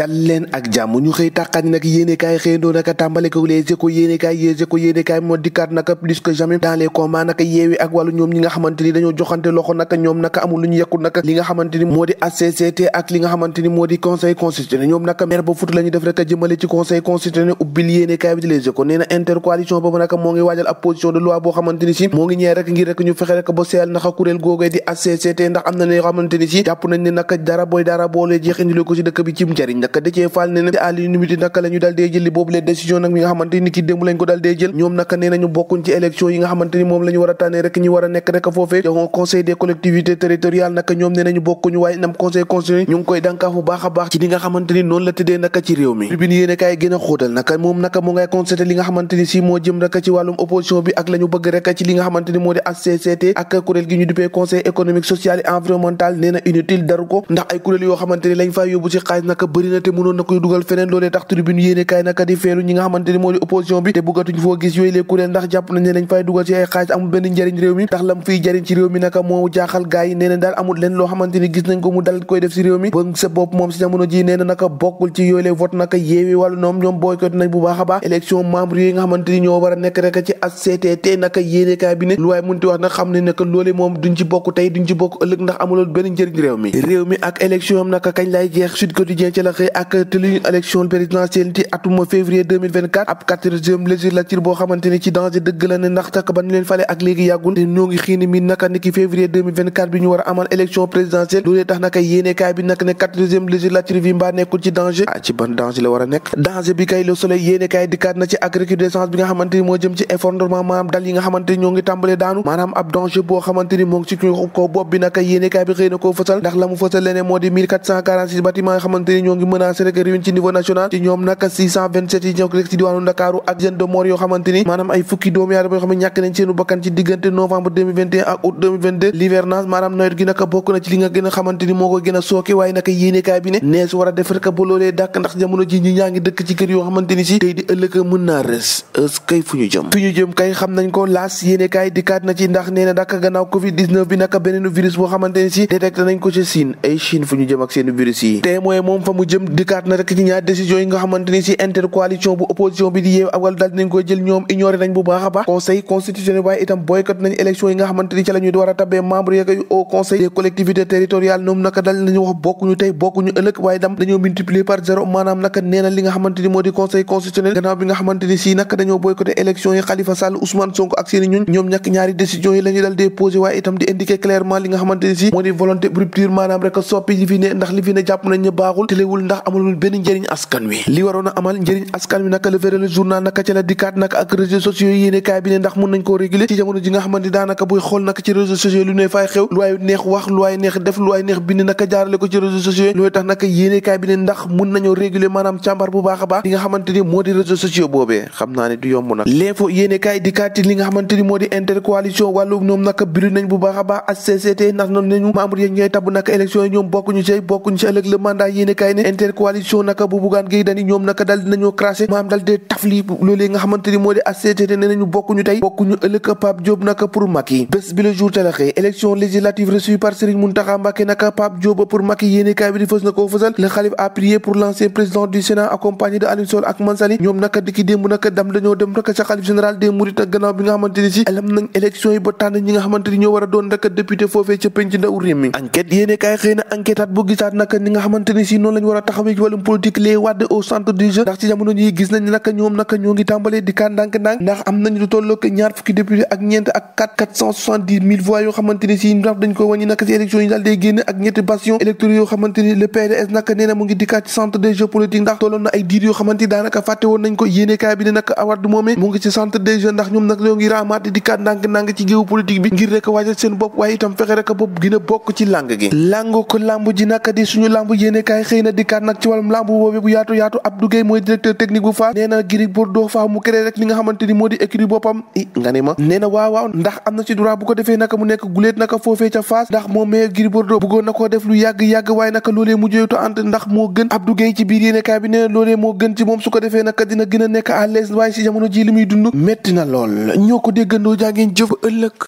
dal leen ak jàmm ñu xëy tàqat nag yéenekaay xëyandoo naka tàmbale ko les échos yéenekaay ñi nga xamante ni dañoo joxante loxo naka ñoom naka amul lu ñu yekkul naka li nga xamante ni moo di HCCT ak li nga moo di conseil constitutionnel ñoom naka mer ñu def rek a jëmale ci conseil constitutionnel ubbil yéenekaay bi na intercoalition boobu boo xamante ni si moo ngi ñëw rek ngir rek ñu googee di HCCT ndax am na ñoo xamante ni si jàpp nañ ne naka dara booy dara boolee jeex indi ko ci dëkk bi ci njariñ naka Déthié Fall ne moom la ñu ak kuréel gi ñu duppee conseil économique social et environnemental nee inutile daru ko ndax ay kuréel yoo xamante ni lañ yóbbu ci xaalis naka bëri na te mënoon na koy dugal feneen daal amul leen loo xamante gis nañ ko mu dal koy def si réew mi ba sa bopp moom si jamono ji nee naka bokkul ci yooyu les vote naka yeewi wàllu noom ñoom boycott nañ bu baax a baax élection membre yi nga xamante ñoo war nekk rek ci ACCT naka yéene bi ne lu waaye munti wax nag xam ne naka loole moom duñ ci bokk tey duñ ci bokk ndax amulul benn njëriñ réew mi réew mi ak élection am naka kañ lay jeex Sud Quotidien ci commencé présidentielle ci atuma février 2024 ab législature boo xamante ci danger dëgg la ndax tak ba leen fale ak léegi bi ñu war amal élection présidentielle loolee tax naka yéenekaay bi nag ne quatorzième législature bi mbaa nekkul ci danger ah ci ban danger la war nekk danger bi kay le soleil yéenekaay dikkaat na ci ak bi nga xamante moo jëm ci effondrement maanaam dal yi nga xamante ni ñoo daanu maanaam menacé ci niveau national ci ñoom naka bokk na ci li nga ci ndax nee na gannaaw covid 19 bi naka beneenu virus boo xamante si détecté nañ ko ci Chine ay Chine fu ñu jëm ak seen virus yi te mooy moom fa mu jëm dem dikkaat na rek ñaari décision yi nga xamante ni intercoalition bu opposition bi di Yewwi ak Wallu daal koy jël ñoom ignoré bu baax a conseil constitutionnel waaye itam nañu wax bokkuñu tey maanaam naka nee li nga xamante ni moo di conseil constitutionnel bi nga xamante ni naka dañoo boycotté élection yi Khalifa Sall Ousmane Sonko ak seeni ñoom ñàkk ñaari décision yi la dal dee posé waaye itam di indiquer clairement li nga xamante ndax amulul benn njëriñ askan wi li waroon a amal njëriñ askan wi naka le verre le journal naka ca la dikkaat naka ak réseaux sociaux yi yéene kaay bi ndax mun nañ koo réguler ci bu baax a baax li nga xamante ni moo di réseaux sociaux boobee xam naa ne du yomb nag l'info yéene kaay dikkaat li nga xamante ni moo di intercoalition wàllu ñoom naka biru nañ bu baax a baax ak ndax nañu membre yi ñooy tabb naka élection yi ñoom bokkuñu ci bokkuñu intercoalition naka bu buggaan géey ñoom naka dal dinañoo crasé maam dal dee tafli loolee nga xamante moo di ACCT ne nañu bokkuñu tey bokkuñu ëllëg Pape Diop naka pour Macky bés bi naka Pape Diop pour Macky yéene bi di fës na koo fësal xalif a prié pour l'ancien président du Sénat accompagné de Aliou ak Mansali ñoom naka dikki démb naka dam dañoo dem naka ca xalif général des Mourides nag gannaaw bi nga xamante si alam nañ élection taxawee ci ndax dañ ko wàññi naka si élection yi daal day génn ak ñetti bastion électoraux le PDS naka nee na ngi dikkaat ci centre des jeux politique ndax tolloon ay diir yoo xamante daanaka fàtte woon nañ ko yéene bi ne naka award moomee mu ngi ci centre des jeux ndax ñoom nag ñoo ngi raamaat di kaan ndànk ci géewu bi ngir rek waajal seen bopp waaye itam fexe rek bopp gën bokk ci làng gi làng ko làmb ji naka di suñu dikkaat nag ci wàllum lamb boobu bu yaatu yaatu Abdou Gueye mooy directeur technique bu Fass nee na Gris Bordeaux mu créé rek li nga xamante ni moo di écurie boppam i nga ne ma nee na waaw waaw ndax am na ci droit bu ko defee naka mu nekk guléet naka foofee ca Fass ndax moom mais Gris Bordeaux bëggoon na ko def lu yàgg-yàgg waaye naka loolee mujjeetu ant ndax moo gën Abdou Gueye ci biir yéene kaay bi nee na loolee moo gën ci moom su ko defee naka dina gën a nekk à l'aise si jamono ji li muy dund metti na lool ñoo ko déggandoo jaa ngeen jëf ëllëg